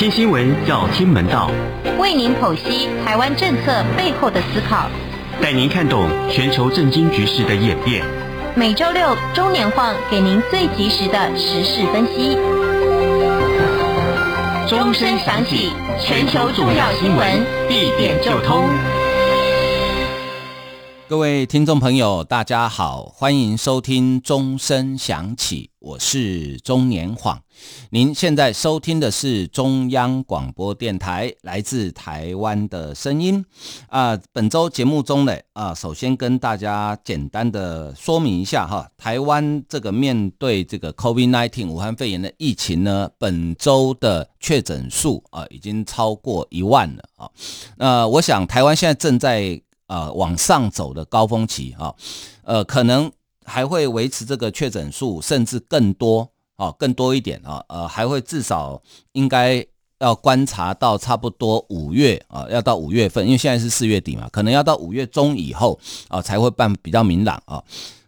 聽新聞要聽門道，為您剖析台灣政策背後的思考，帶您看懂全球政經局勢的演變。每週六鍾年晃給您最及時的時事分析。鍾聲響起，全球重要新聞一點就通。各位聽眾朋友，大家好，歡迎收聽《鍾聲響起》。我是中年晃，您現在收聽的是中央廣播電台來自台灣的聲音啊、呃。本周節目中呢啊、呃，首先跟大家簡單的說明一下哈，台灣這個面對這個 COVID-19 武漢肺炎的疫情呢，本周的確診數啊、呃、已經超過一萬了啊。那、呃、我想，台灣現在正在啊、呃、往上走的高峰期啊，呃，可能。還會維持這個確診數，甚至更多啊、哦，更多一點啊、哦，呃，還會至少應該要觀察到差不多五月啊、哦，要到五月份，因為現在是四月底嘛，可能要到五月中以後啊、哦、才會辦比較明朗啊、哦。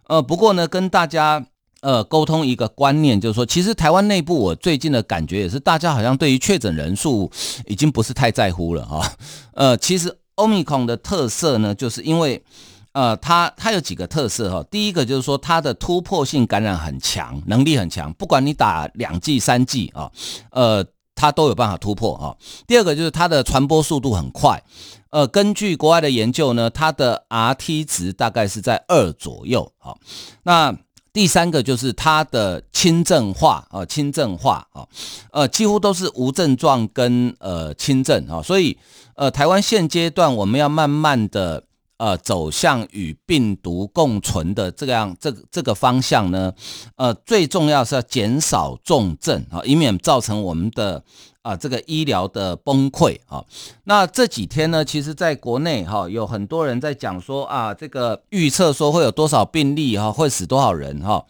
呃，不過呢，跟大家呃溝通一個觀念，就是說，其實台灣內部我最近的感覺也是，大家好像對於確診人數已經不是太在乎了啊、哦。呃，其實 Omicron 的特色呢，就是因為。呃，它它有幾個特色哈、哦，第一個就是說它的突破性感染很強，能力很強，不管你打兩劑、三劑啊，呃，它都有辦法突破啊、哦。第二個就是它的傳播速度很快，呃，根據國外的研究呢，它的 RT 值大概是在二左右啊、哦。那第三個就是它的輕症化啊，輕、哦、症化啊、哦，呃，幾乎都是無症狀跟呃輕症啊、哦，所以呃，台灣現階段我們要慢慢的。呃，走向與病毒共存的這樣這個這個方向呢，呃，最重要是要減少重症啊，以免造成我們的啊、呃、這個醫療的崩潰啊、哦。那這幾天呢，其實在國內哈、哦，有很多人在講說啊，這個預測說會有多少病例哈、哦，會死多少人哈、哦，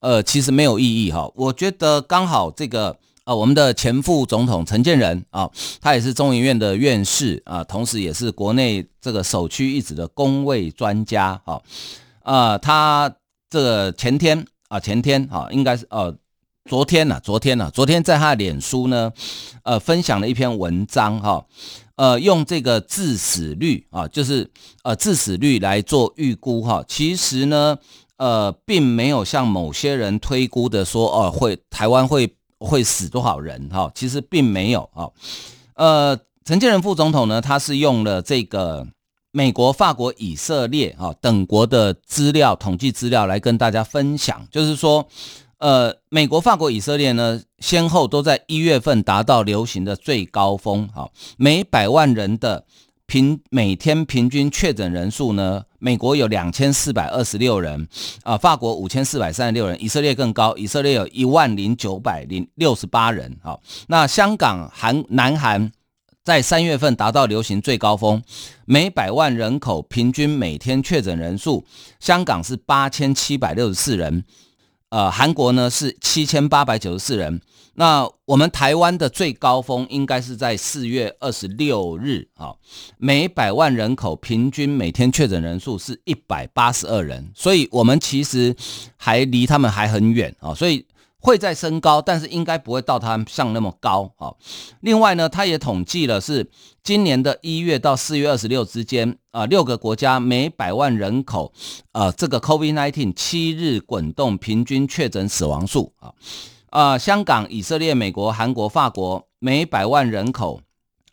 呃，其實沒有意義哈、哦。我覺得剛好這個。呃，我們的前副總統陳建仁啊，他也是中研院的院士啊，同時也是國內這個首屈一指的公衛專家哈、啊啊。他這個前天啊，前天哈、啊，應該是呃、啊，昨天呢、啊，昨天呢、啊，昨天在他臉書呢，呃、啊，分享了一篇文章哈，呃、啊啊，用這個致死率啊，就是呃、啊，致死率來做預估哈、啊。其實呢，呃、啊，並沒有像某些人推估的說，呃、啊，會台灣會。會死多少人？哈，其實並沒有啊。呃，陳建仁副總統呢，他是用了這個美國、法國、以色列啊，等國的資料統計資料來跟大家分享，就是說，呃，美國、法國、以色列呢，先後都在一月份達到流行的最高峰。哈，每百萬人的。平每天平均確診人數呢，美國有兩千四百二十六人，啊、呃，法國五千四百三十六人，以色列更高，以色列有一萬零九百六十八人。好、哦，那香港、韓、南韓在三月份達到流行最高峰，每百萬人口平均每天確診人數，香港是八千七百六十四人，呃，韓國呢是七千八百九十四人。那我們台灣的最高峰應該是在四月二十六日啊，每百萬人口平均每天確診人數是一百八十二人，所以我們其實還離他們還很遠啊，所以會再升高，但是應該不會到他們上那麼高啊。另外呢，他也統計了是今年的一月到四月二十六之間啊，六個國家每百萬人口啊這個 COVID nineteen 七日滾動平均確診死亡數啊。啊、呃，香港、以色列、美國、韓國、法國每百萬人口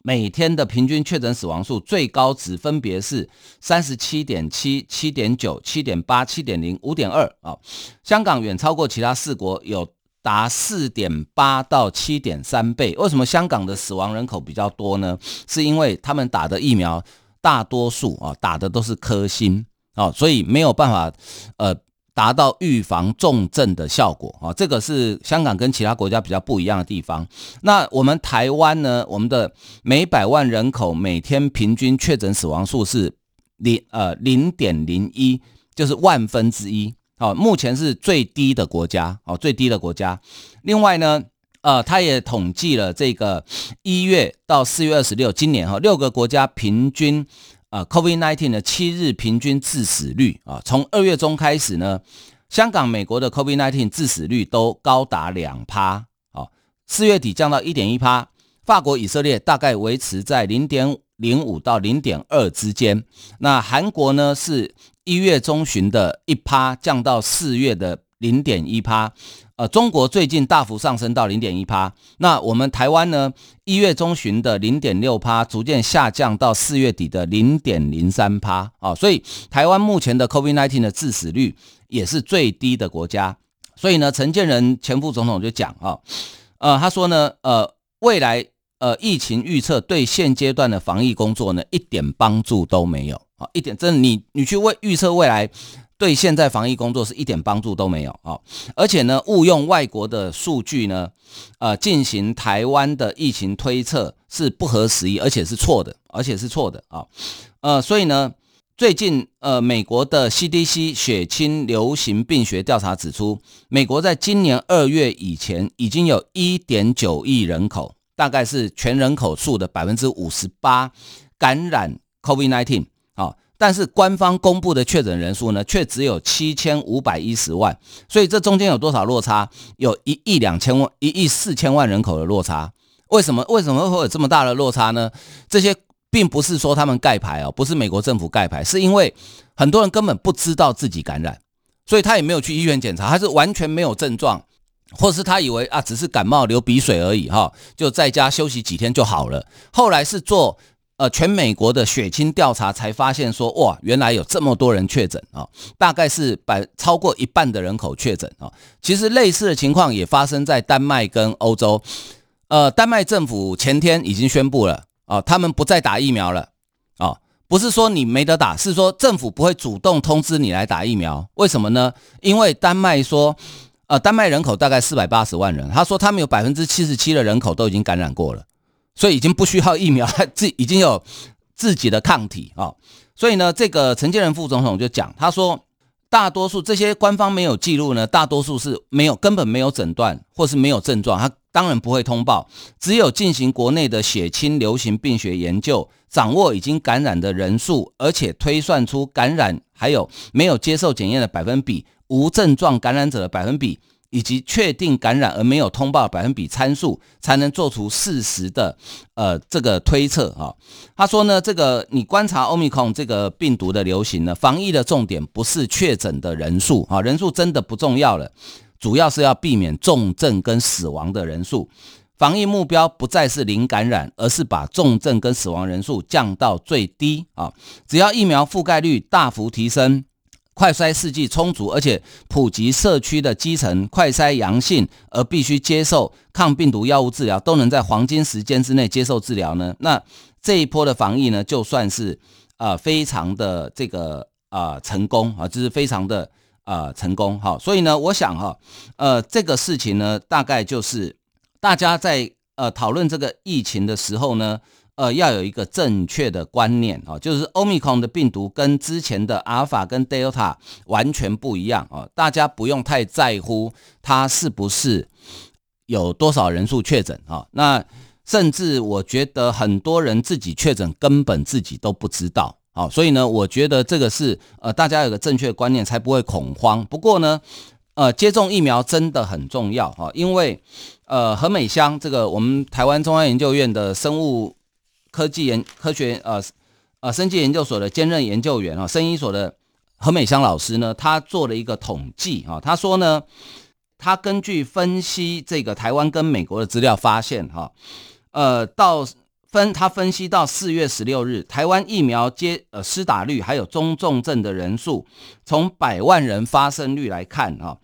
每天的平均確診死亡數最高值分別是三十七點七、七點九、七點八、七點零、五點二啊。香港遠超過其他四國，有達四點八到七點三倍。為什麼香港的死亡人口比較多呢？是因為他們打的疫苗大多數啊、哦、打的都是科興啊、哦，所以沒有辦法呃。達到預防重症的效果啊、哦，這個是香港跟其他國家比較不一樣的地方。那我們台灣呢？我們的每百萬人口每天平均確診死亡數是零呃，零點零一，01, 就是萬分之一、哦。目前是最低的國家哦，最低的國家。另外呢，呃，他也統計了這個一月到四月二十六，今年哈六、哦、個國家平均。啊，COVID-19 的七日平均致死率啊，從二月中開始呢，香港、美國的 COVID-19 致死率都高達兩趴，哦、啊，四月底降到一點一趴，法國、以色列大概維持在零點零五到零點二之間，那韓國呢，是一月中旬的一趴降到四月的零點一趴。呃，中國最近大幅上升到零點一趴，那我們台灣呢，一月中旬的零點六趴，逐漸下降到四月底的零點零三趴啊，所以台灣目前的 COVID-19 的致死率也是最低的國家。所以呢，陳建仁前副總統就講啊，哦，呃，他說呢，呃，未來呃疫情預測對現階段的防疫工作呢，一點幫助都沒有。啊、哦，一點真的你，你你去未預測未來，對現在防疫工作是一點幫助都沒有啊、哦！而且呢，誤用外國的數據呢，呃，進行台灣的疫情推測是不合時宜，而且是錯的，而且是錯的啊、哦！呃，所以呢，最近呃，美國的 CDC 血清流行病學調查指出，美國在今年二月以前已經有一點九億人口，大概是全人口數的百分之五十八感染 COVID-19。19, 但是官方公布的確診人數呢，卻只有七千五百一十萬，所以這中間有多少落差？有一億兩千萬、一億四千萬人口的落差。為什麼？為什麼會有這麼大的落差呢？這些並不是說他們蓋牌哦，不是美國政府蓋牌，是因為很多人根本不知道自己感染，所以他也沒有去醫院檢查，他是完全沒有症狀，或者是他以為啊，只是感冒流鼻水而已，哦，哈，就在家休息幾天就好了。後來是做。呃，全美國的血清調查才發現說，哇，原來有這麼多人確診啊，大概是百超過一半的人口確診啊。其實類似的情況也發生在丹麥跟歐洲。呃，丹麥政府前天已經宣布了，啊、哦，他們不再打疫苗了，啊、哦，不是說你沒得打，是說政府不會主動通知你來打疫苗。為什麼呢？因為丹麥說，呃，丹麥人口大概四百八十萬人，他說他們有百分之七十七的人口都已經感染過了。所以已經不需要疫苗，他自己已經有自己的抗體啊。所以呢，這個陳建仁副總統就講，他說大多數這些官方沒有記錄呢，大多數是沒有根本沒有診斷或是沒有症狀，他當然不會通報。只有進行國內的血清流行病學研究，掌握已經感染的人數，而且推算出感染還有沒有接受檢驗的百分比，無症狀感染者的百分比。以及確定感染而沒有通報的百分比參數，才能做出事實的呃，這個推測啊、哦。他說呢，這個你觀察 Omicron 這個病毒的流行呢，防疫的重點不是確診的人數啊、哦，人數真的不重要了，主要是要避免重症跟死亡的人數。防疫目標不再是零感染，而是把重症跟死亡人數降到最低啊、哦。只要疫苗覆蓋率大幅提升。快篩試劑充足，而且普及社區的基層，快篩陽性而必須接受抗病毒藥物治療，都能在黃金時間之內接受治療呢，那這一波的防疫呢，就算是啊、呃、非常的這個啊、呃、成功啊，就是非常的啊、呃、成功哈、啊。所以呢，我想哈、啊，呃，這個事情呢，大概就是大家在呃討論這個疫情的時候呢。呃，要有一個正確的觀念啊、哦，就是 Omicron 的病毒跟之前的阿爾法跟德爾塔完全不一樣啊、哦，大家不用太在乎它是不是有多少人數確診啊、哦。那甚至我覺得很多人自己確診根本自己都不知道啊、哦，所以呢，我覺得這個是呃，大家有個正確的觀念才不會恐慌。不過呢，呃，接種疫苗真的很重要啊、哦，因為呃，何美鄉這個我們台灣中央研究院的生物科技研科學呃呃生技研究所的兼任研究員啊、哦，生醫所的何美香老師呢，他做了一個統計啊、哦，他說呢，他根據分析這個台灣跟美國的資料發現哈、哦，呃，到分他分析到四月十六日，台灣疫苗接呃施打率還有中重症的人數，從百萬人發生率來看啊、哦，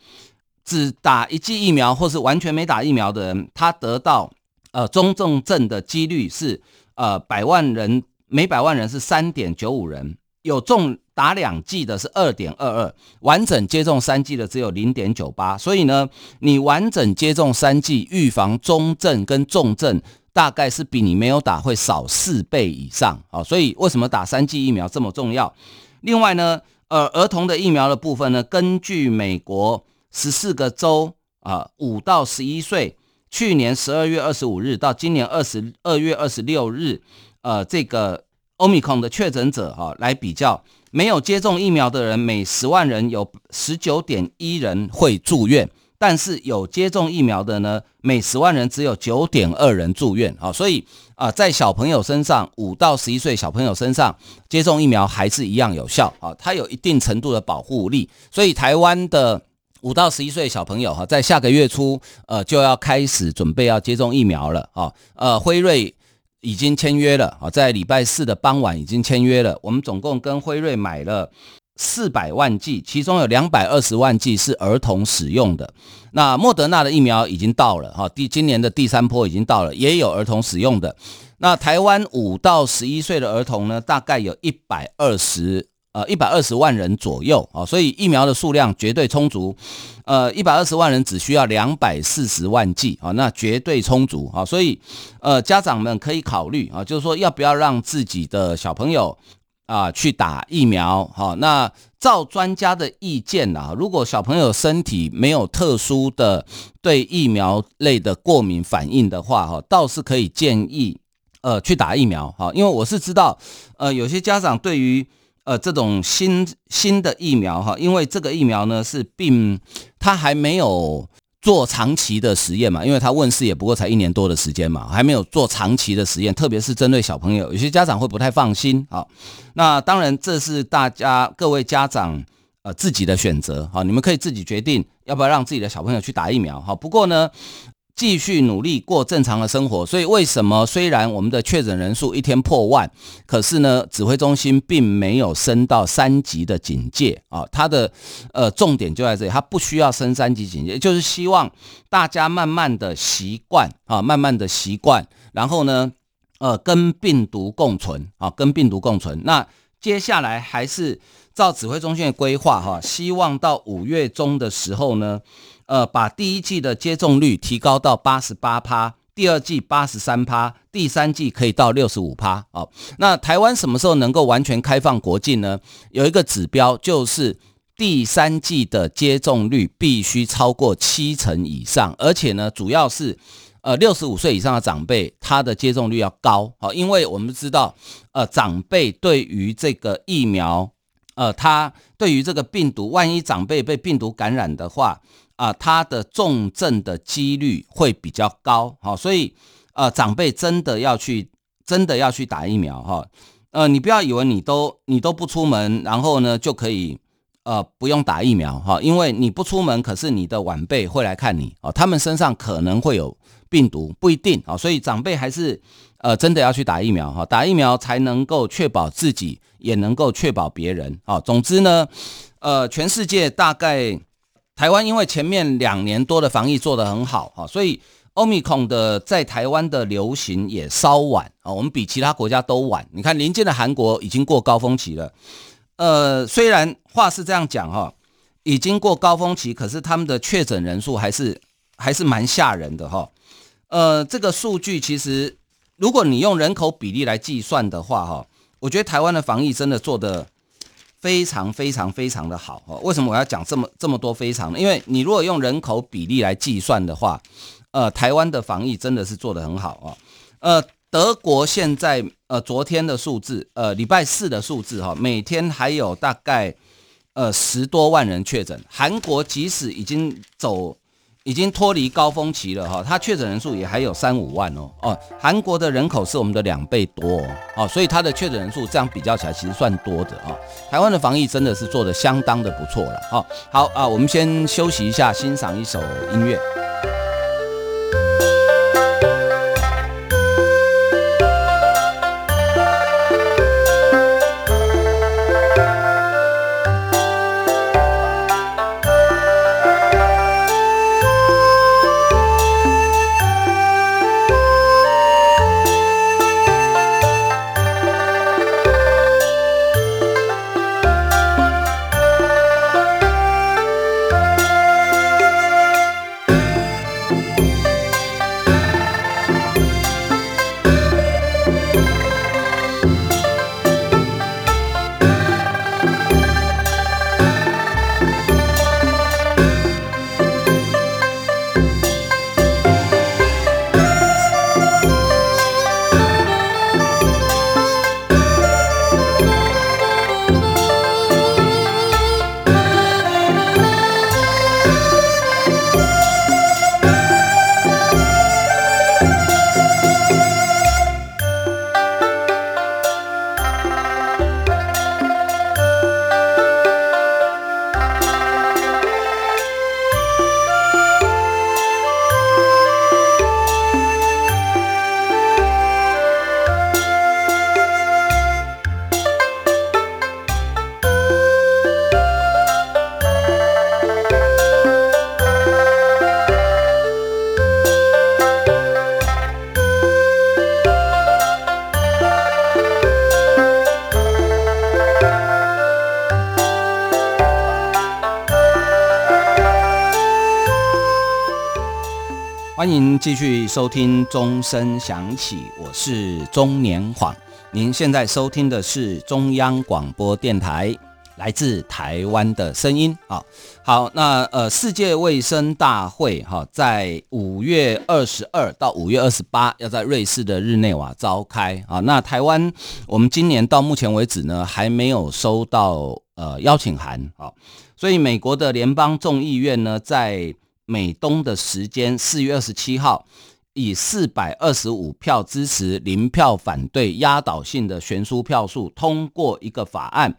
只打一劑疫苗或是完全沒打疫苗的人，他得到呃中重症的幾率是。呃，百萬人每百萬人是三點九五人，有中打兩劑的是二點二二，完整接種三劑的只有零點九八，所以呢，你完整接種三劑預防中症跟重症，大概是比你沒有打會少四倍以上啊、哦。所以為什麼打三劑疫苗這麼重要？另外呢，呃，兒童的疫苗的部分呢，根據美國十四個州啊，五、呃、到十一歲。去年十二月二十五日到今年二十二月二十六日，呃，這個 Omicron 的確診者哈、哦、來比較，沒有接種疫苗的人每十萬人有十九點一人會住院，但是有接種疫苗的呢，每十萬人只有九點二人住院啊、哦。所以啊、呃，在小朋友身上，五到十一歲小朋友身上接種疫苗還是一樣有效啊、哦，它有一定程度的保護力。所以台灣的。五到十一歲小朋友哈，在下個月初，呃，就要開始準備要接種疫苗了啊。呃，輝瑞已經簽約了啊，在禮拜四的傍晚已經簽約了。我們總共跟輝瑞買了四百萬劑，其中有兩百二十萬劑是兒童使用的。那莫德納的疫苗已經到了哈，第今年的第三波已經到了，也有兒童使用的。那台灣五到十一歲的兒童呢，大概有一百二十。呃，一百二十萬人左右啊、哦，所以疫苗的數量絕對充足。呃，一百二十萬人只需要兩百四十萬劑啊、哦，那絕對充足啊、哦。所以，呃，家長們可以考慮啊、哦，就是說要不要讓自己的小朋友啊、呃、去打疫苗哈、哦。那照專家的意見、啊、如果小朋友身體沒有特殊的對疫苗類的過敏反應的話哈、哦，倒是可以建議呃去打疫苗哈、哦。因為我是知道呃，有些家長對於呃，這種新新的疫苗哈，因為這個疫苗呢是並它還沒有做長期的實驗嘛，因為它問世也不過才一年多的時間嘛，還沒有做長期的實驗，特別是針對小朋友，有些家長會不太放心啊、哦。那當然這是大家各位家長呃自己的選擇好、哦，你們可以自己決定要不要讓自己的小朋友去打疫苗哈、哦。不過呢。繼續努力過正常的生活，所以為什麼雖然我們的確診人數一天破萬，可是呢，指揮中心並沒有升到三級的警戒啊，、哦，它的呃重點就在這裡，它不需要升三級警戒，就是希望大家慢慢的習慣啊，、哦，慢慢的習慣，然後呢，呃，跟病毒共存啊，、哦，跟病毒共存。那接下來還是照指揮中心的規劃哈，、哦，希望到五月中的時候呢。呃，把第一劑的接種率提高到八十八趴，第二劑八十三趴，第三劑可以到六十五趴。好、哦，那台灣什麼時候能夠完全開放國境呢？有一個指標就是第三劑的接種率必須超過七成以上，而且呢，主要是，呃，六十五歲以上的長輩他的接種率要高。好、哦，因為我們知道，呃，長輩對於這個疫苗，呃，他對於這個病毒，萬一長輩被病毒感染的話，啊、呃，他的重症的幾率會比較高，好、哦，所以，呃，長輩真的要去，真的要去打疫苗哈、哦，呃，你不要以為你都你都不出門，然後呢就可以，呃，不用打疫苗哈、哦，因為你不出門，可是你的晚輩會來看你啊、哦，他們身上可能會有病毒，不一定啊、哦，所以長輩還是，呃，真的要去打疫苗哈，打疫苗才能夠確保自己，也能夠確保別人啊、哦，總之呢，呃，全世界大概。台灣因為前面兩年多的防疫做得很好哈，所以歐米孔的在台灣的流行也稍晚啊，我們比其他國家都晚。你看臨近的韓國已經過高峰期了，呃，雖然話是這樣講哈，已經過高峰期，可是他們的確診人數還是還是蠻嚇人的哈。呃，這個數據其實如果你用人口比例來計算的話哈，我覺得台灣的防疫真的做得。非常非常非常的好哦！為什麼我要講這麼這麼多非常呢？因為你如果用人口比例來計算的話，呃，台灣的防疫真的是做得很好哦。呃，德國現在呃昨天的數字，呃禮拜四的數字哈，每天還有大概呃十多萬人確診。韓國即使已經走。已經脫離高峰期了哈、哦，它確診人數也還有三五萬哦哦，韓國的人口是我們的兩倍多哦，哦，所以它的確診人數這樣比較起來，其實算多的啊、哦。台灣的防疫真的是做得相當的不錯了哈、哦。好啊，我們先休息一下，欣賞一首音樂。繼續收聽鐘聲響起，我是鍾年晃。您現在收聽的是中央廣播電台來自台灣的聲音。好好，那呃，世界衛生大會哈、哦，在五月二十二到五月二十八要在瑞士的日內瓦召開啊、哦。那台灣，我們今年到目前為止呢，還沒有收到呃邀請函啊、哦。所以美國的聯邦眾議院呢，在美東的時間四月二十七號，以四百二十五票支持，零票反對，壓倒性的懸殊票數通過一個法案，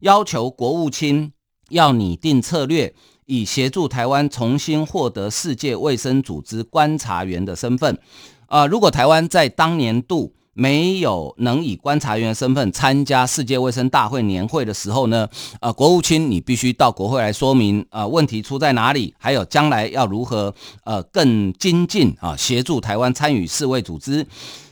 要求國務卿要擬定策略，以協助台灣重新獲得世界衛生組織觀察員的身份。啊、呃，如果台灣在當年度，沒有能以觀察員身份參加世界衛生大會年會的時候呢，呃，國務卿你必須到國會來說明啊、呃、問題出在哪裡，還有將來要如何呃更精進啊、呃、協助台灣參與世衛組織，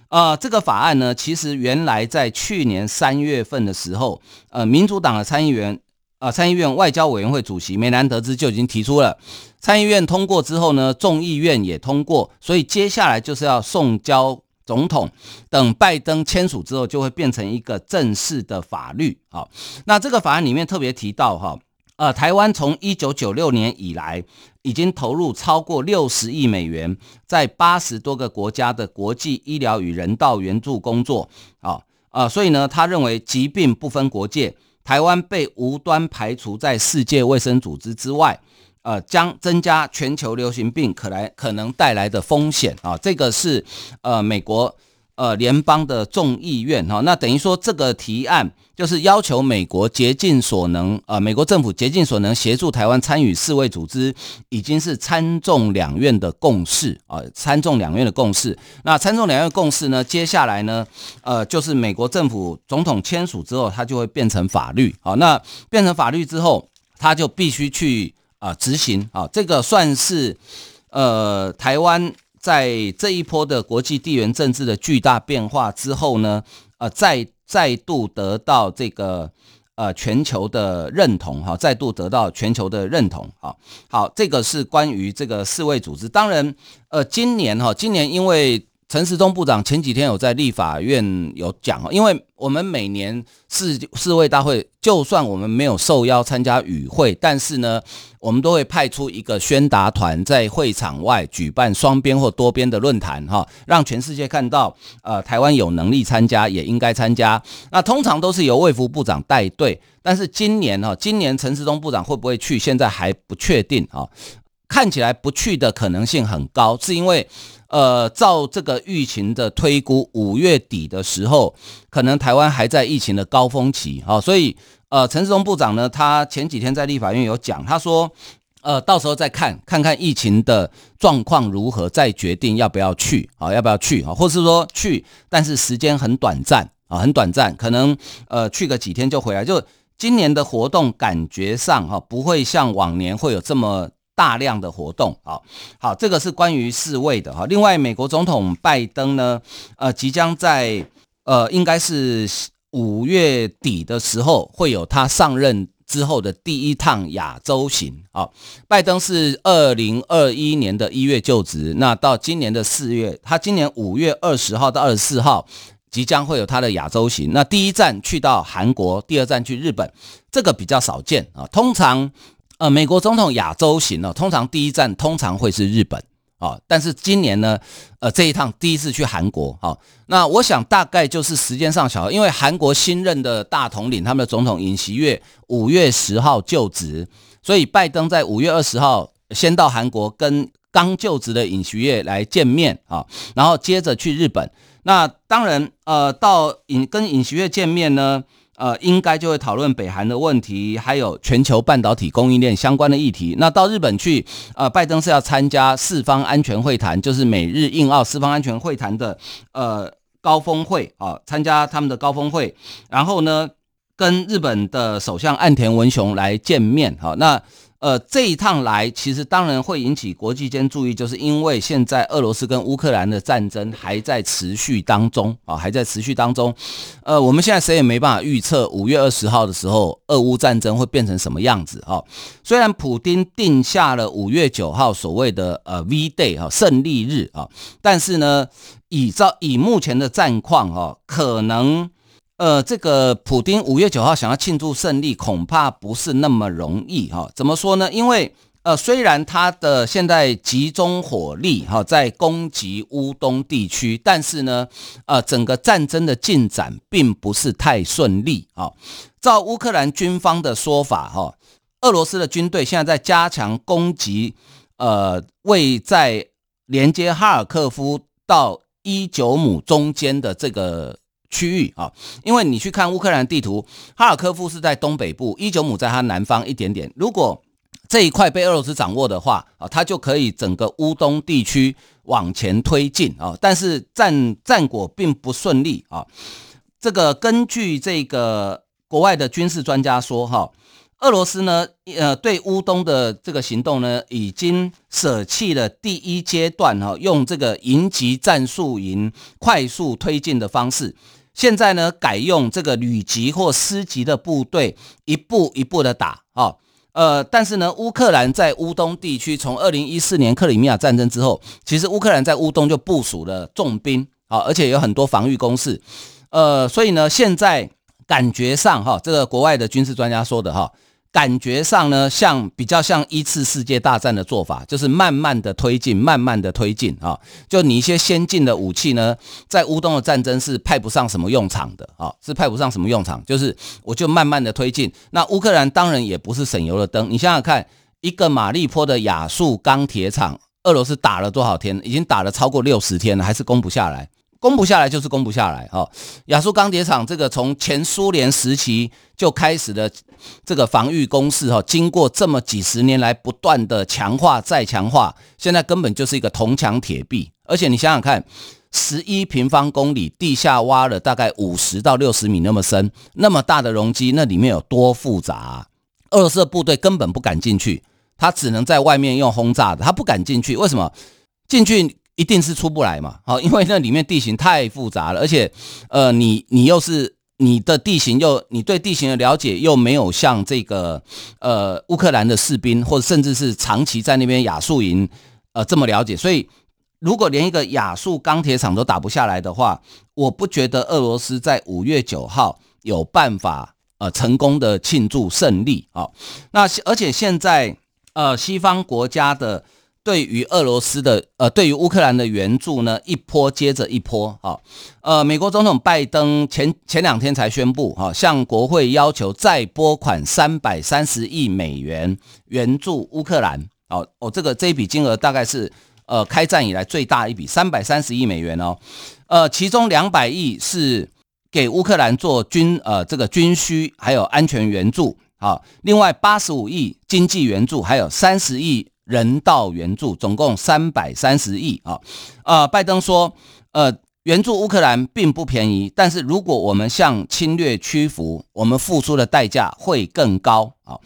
啊、呃、這個法案呢，其實原來在去年三月份的時候，呃民主黨的參議員啊、呃、參議院外交委員會主席梅蘭德茲就已經提出了，參議院通過之後呢眾議院也通過，所以接下來就是要送交。總統等拜登簽署之後，就會變成一個正式的法律啊。那這個法案裡面特別提到哈，呃，台灣從一九九六年以來，已經投入超過六十億美元，在八十多個國家的國際醫療與人道援助工作啊啊啊，所以呢，他認為疾病不分國界，台灣被無端排除在世界衛生組織之外。呃，將增加全球流行病可來可能帶來的風險啊、哦，這個是呃美國呃聯邦的眾議院哈、哦，那等於說這個提案就是要求美國竭盡所能、呃、美國政府竭盡所能協助台灣參與世衛組織，已經是參眾兩院的共識啊、呃，參眾兩院的共識。那參眾兩院共識呢，接下來呢，呃，就是美國政府總統簽署之後，它就會變成法律啊、哦，那變成法律之後，它就必須去。啊，執行啊，這個算是，呃，台灣在這一波的國際地緣政治的巨大變化之後呢，呃、啊，再再度得到這個呃、啊、全球的認同哈、啊，再度得到全球的認同啊。好，這個是關於這個世衛組織。當然，呃，今年哈、啊，今年因為。陳時中部長前幾天有在立法院有講因為我們每年世世衛大會，就算我們沒有受邀參加與會，但是呢，我們都會派出一個宣達團在會場外舉辦雙邊或多邊的論壇哈，讓全世界看到呃台灣有能力參加，也應該參加。那通常都是由衛福部長帶隊，但是今年哈，今年陳時中部長會不會去，現在還不確定啊。看起來不去的可能性很高，是因為，呃，照這個疫情的推估，五月底的時候，可能台灣還在疫情的高峰期啊、哦，所以，呃，陳時中部長呢，他前幾天在立法院有講，他說，呃，到時候再看，看看疫情的狀況如何，再決定要不要去啊、哦，要不要去啊，或是說去，但是時間很短暫啊、哦，很短暫，可能，呃，去個幾天就回來，就今年的活動感覺上啊、哦，不會像往年會有這麼。大量的活動，啊，好，這個是關於世衛的哈。另外，美國總統拜登呢，呃，即將在呃，應該是五月底的時候，會有他上任之後的第一趟亞洲行。啊，拜登是二零二一年的一月就職，那到今年的四月，他今年五月二十號到二十四號，即將會有他的亞洲行。那第一站去到韓國，第二站去日本，這個比較少見啊，通常。呃，美國總統亞洲行通常第一站通常會是日本啊、哦，但是今年呢，呃，這一趟第一次去韓國、哦、那我想大概就是時間上巧合，因為韓國新任的大統領他們的總統尹錫悅五月十號就職，所以拜登在五月二十號先到韓國跟剛就職的尹錫悅來見面啊、哦，然後接着去日本，那當然呃，到尹跟尹錫悅見面呢。呃，應該就會討論北韓的問題，還有全球半導體供應鏈相關的議題。那到日本去，呃，拜登是要參加四方安全會談，就是美日印澳四方安全會談的呃高峰會啊，哦，參加他們的高峰會，然後呢，跟日本的首相岸田文雄來見面啊，哦，那。呃，這一趟來，其實當然會引起國際間注意，就是因為現在俄羅斯跟烏克蘭的戰爭還在持續當中啊、哦，還在持續當中。呃，我們現在誰也沒辦法預測五月二十號的時候，俄烏戰爭會變成什麼樣子啊、哦？雖然普丁定下了五月九號所謂的呃 V day 哈、哦、勝利日啊、哦，但是呢，以照以目前的戰況哈、哦，可能。呃，這個普丁五月九號想要慶祝勝利，恐怕不是那麼容易哈、哦。怎麼說呢？因為呃，雖然他的現在集中火力哈、哦，在攻擊烏東地區，但是呢，呃，整個戰爭的進展並不是太順利啊、哦。照烏克蘭軍方的說法哈、哦，俄羅斯的軍隊現在在加強攻擊，呃，位在連接哈爾科夫到伊久姆中間的這個。區域啊，因為你去看烏克蘭地圖，哈爾科夫是在東北部，伊久姆在它南方一點點。如果這一塊被俄羅斯掌握的話啊，它就可以整個烏東地區往前推進啊。但是戰戰果並不順利啊。這個根據這個國外的軍事專家說哈，俄羅斯呢，呃，對烏東的這個行動呢，已經捨棄了第一階段哈，用這個營級戰術營快速推進的方式。現在呢，改用這個旅級或師級的部隊，一步一步的打啊、哦，呃，但是呢，烏克蘭在烏東地區，從二零一四年克里米亞戰爭之後，其實烏克蘭在烏東就部署了重兵，好、哦，而且有很多防禦工事，呃，所以呢，現在感覺上哈、哦，這個國外的軍事專家說的哈。哦感覺上呢，像比較像一次世界大戰的做法，就是慢慢的推進，慢慢的推進啊、哦。就你一些先進的武器呢，在烏東的戰爭是派不上什麼用場的啊、哦，是派不上什麼用場。就是我就慢慢的推進。那烏克蘭當然也不是省油的燈，你想想看，一個馬利坡的亞速鋼鐵廠，俄羅斯打了多少天？已經打了超過六十天了，還是攻不下來。攻不下來就是攻不下來哈。亞速鋼鐵廠這個從前蘇聯時期就開始的這個防禦工事哈，經過這麼幾十年來不斷的強化再強化，現在根本就是一個銅牆鐵壁。而且你想想看，十一平方公里地下挖了大概五十到六十米那麼深，那麼大的容積，那裡面有多複雜啊？俄羅斯的部隊根本不敢進去，他只能在外面用轟炸的，他不敢進去。為什麼？進去？一定是出不來嘛。好，因為那裡面地形太複雜了，而且，呃，你你又是你的地形又你對地形的了解又沒有像這個呃烏克蘭的士兵或者甚至是長期在那邊亞速營呃這麼了解，所以如果連一個亞速鋼鐵廠都打不下來的話，我不覺得俄羅斯在五月九號有辦法呃成功的慶祝勝利啊、哦。那而且現在呃西方國家的。對於俄羅斯的呃，對於烏克蘭的援助呢，一波接着一波。好、哦，呃，美國總統拜登前前兩天才宣布，哈、哦，向國會要求再撥款三百三十億美元援助烏克蘭。哦哦，這個這一筆金額大概是呃，開戰以來最大一筆，三百三十億美元哦。呃，其中兩百億是給烏克蘭做軍呃這個軍需還有安全援助，好、哦，另外八十五億經濟援助，還有三十億。人道援助總共三百三十億啊！啊、呃，拜登說，呃，援助烏克蘭並不便宜，但是如果我們向侵略屈服，我們付出的代價會更高啊！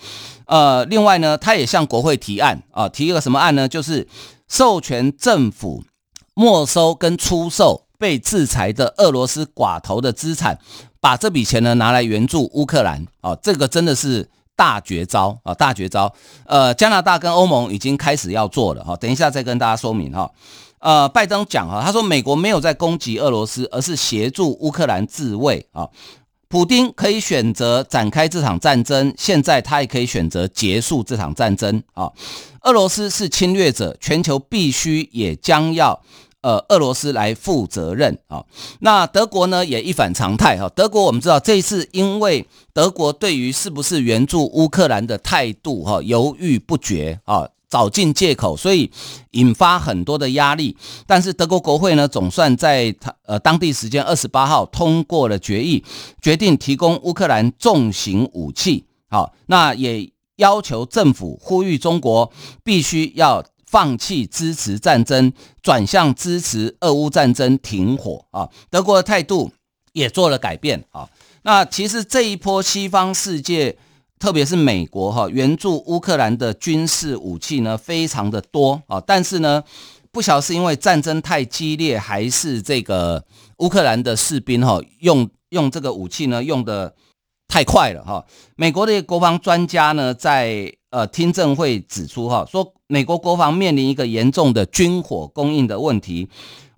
呃，另外呢，他也向國會提案啊、呃，提一個什麼案呢？就是授權政府沒收跟出售被制裁的俄羅斯寡頭的資產，把這筆錢呢拿來援助烏克蘭啊、呃！這個真的是。大絕招啊，大絕招！呃，加拿大跟歐盟已經開始要做了哈，等一下再跟大家說明哈。呃，拜登講哈，他說美國沒有在攻擊俄羅斯，而是協助烏克蘭自衛啊。普丁可以選擇展開這場戰爭，現在他也可以選擇結束這場戰爭啊。俄羅斯是侵略者，全球必須也將要。呃，俄羅斯來負責任啊、哦。那德國呢，也一反常態哈、哦。德國我們知道，這一次因為德國對於是不是援助烏克蘭的態度哈、哦，猶豫不決啊、哦，找盡借口，所以引發很多的壓力。但是德國國會呢，總算在他呃當地時間二十八號通過了決議，決定提供烏克蘭重型武器。好、哦，那也要求政府呼籲中國必須要。放棄支持戰爭，轉向支持俄烏戰爭停火啊！德國的態度也做了改變啊！那其實這一波西方世界，特別是美國哈，援助烏克蘭的軍事武器呢，非常的多啊！但是呢，不曉得是因為戰爭太激烈，還是這個烏克蘭的士兵哈，用用這個武器呢，用的。太快了哈！美國的國防專家呢，在呃聽證會指出哈，說美國國防面臨一個嚴重的軍火供應的問題，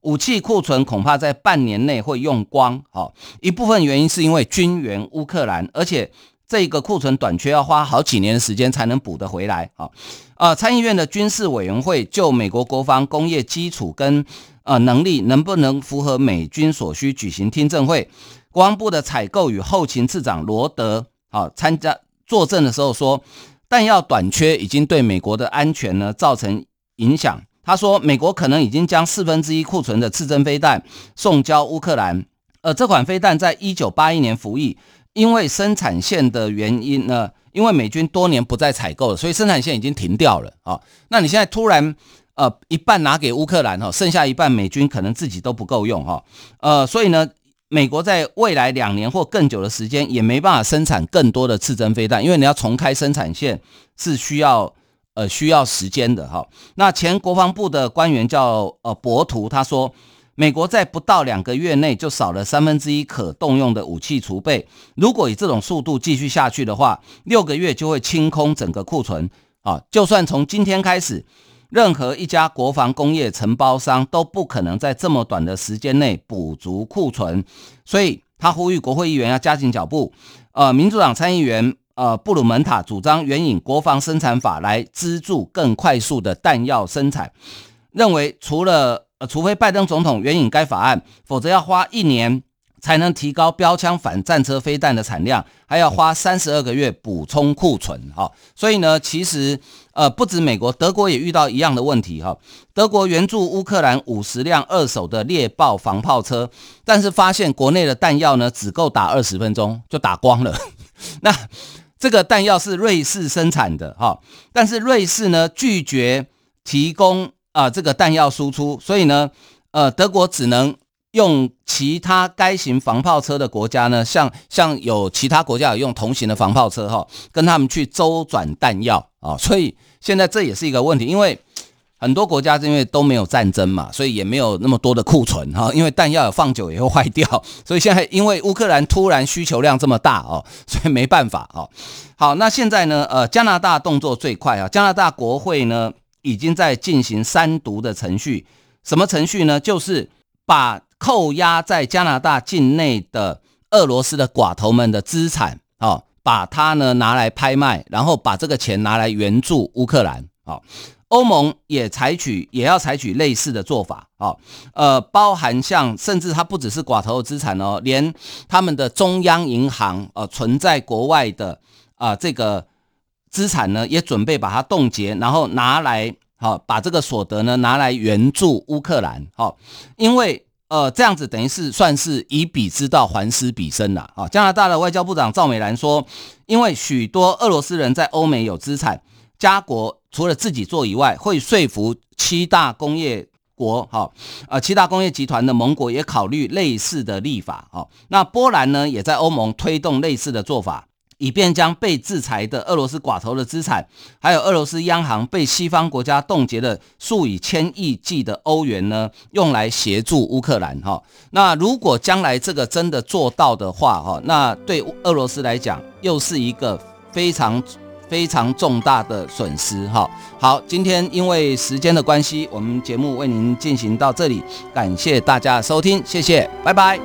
武器庫存恐怕在半年內會用光，哦，一部分原因是因為軍援烏克蘭，而且這個庫存短缺要花好幾年的時間才能補得回來啊，哦。呃，參議院的軍事委員會就美國國防工業基礎跟呃能力能不能符合美軍所需舉行聽證會。國防部的採購與後勤次長羅德啊參加作證的時候說，彈藥短缺已經對美國的安全呢造成影響。他說，美國可能已經將四分之一庫存的刺針飛彈送交烏克蘭。而、呃、這款飛彈在一九八一年服役，因為生產線的原因呢、呃，因為美軍多年不再採購了，所以生產線已經停掉了啊、哦。那你現在突然呃一半拿給烏克蘭哈，剩下一半美軍可能自己都不夠用哈、哦。呃，所以呢。美國在未來兩年或更久的時間也沒辦法生產更多的刺針飛彈，因為你要重開生產線是需要呃需要時間的哈、哦。那前國防部的官員叫呃博圖，他說美國在不到兩個月內就少了三分之一可動用的武器儲備，如果以這種速度繼續下去的話，六個月就會清空整個庫存啊、哦。就算從今天開始。任何一家國防工業承包商都不可能在這麼短的時間內補足庫存，所以他呼籲國會議員要加緊腳步。呃，民主黨參議員呃布魯門塔主張援引國防生產法來資助更快速的彈藥生產，認為除了呃除非拜登總統援引該法案，否則要花一年。才能提高標槍反戰車飛彈的產量，還要花三十二個月補充庫存哈。所以呢，其實呃，不止美國，德國也遇到一樣的問題哈。德國援助烏克蘭五十輛二手的獵豹防炮車，但是發現國內的彈藥呢，只夠打二十分鐘就打光了。 那這個彈藥是瑞士生產的哈，但是瑞士呢拒絕提供啊這個彈藥輸出，所以呢，呃，德國只能。用其他該型防炮車的國家呢，像像有其他國家有用同型的防炮車哈、哦，跟他們去周轉彈藥啊、哦，所以現在這也是一個問題，因為很多國家是因為都沒有戰爭嘛，所以也沒有那麼多的庫存哈、哦，因為彈藥有放久也會壞掉，所以現在因為烏克蘭突然需求量這麼大哦，所以沒辦法哦。好，那現在呢，呃，加拿大動作最快啊，加拿大國會呢已經在進行三讀的程序，什麼程序呢？就是把扣押在加拿大境內的俄羅斯的寡頭們的資產，哦，把它呢拿來拍賣，然後把這個錢拿來援助烏克蘭。哦，歐盟也採取，也要採取類似的做法。哦。呃，包含像甚至它不只是寡頭的資產哦，連他們的中央銀行啊存在國外的啊這個資產呢，也準備把它凍結，然後拿來好把這個所得呢拿來援助烏克蘭。哦，因為。呃，這樣子等於是算是以彼之道還施彼身了啊、哦！加拿大的外交部長趙美蘭說，因為許多俄羅斯人在歐美有資產，加國除了自己做以外，會說服七大工業國，哈、哦，啊、呃，七大工業集團的盟國也考慮類似的立法啊、哦。那波蘭呢，也在歐盟推動類似的做法。以便將被制裁的俄羅斯寡頭的資產，還有俄羅斯央行被西方國家凍結的數以千億計的歐元呢，用來協助烏克蘭。哈，那如果將來這個真的做到的話，哈，那對俄羅斯來講又是一個非常非常重大的損失。哈，好，今天因為時間的關係，我們節目為您進行到這裡，感謝大家收聽，謝謝，拜拜。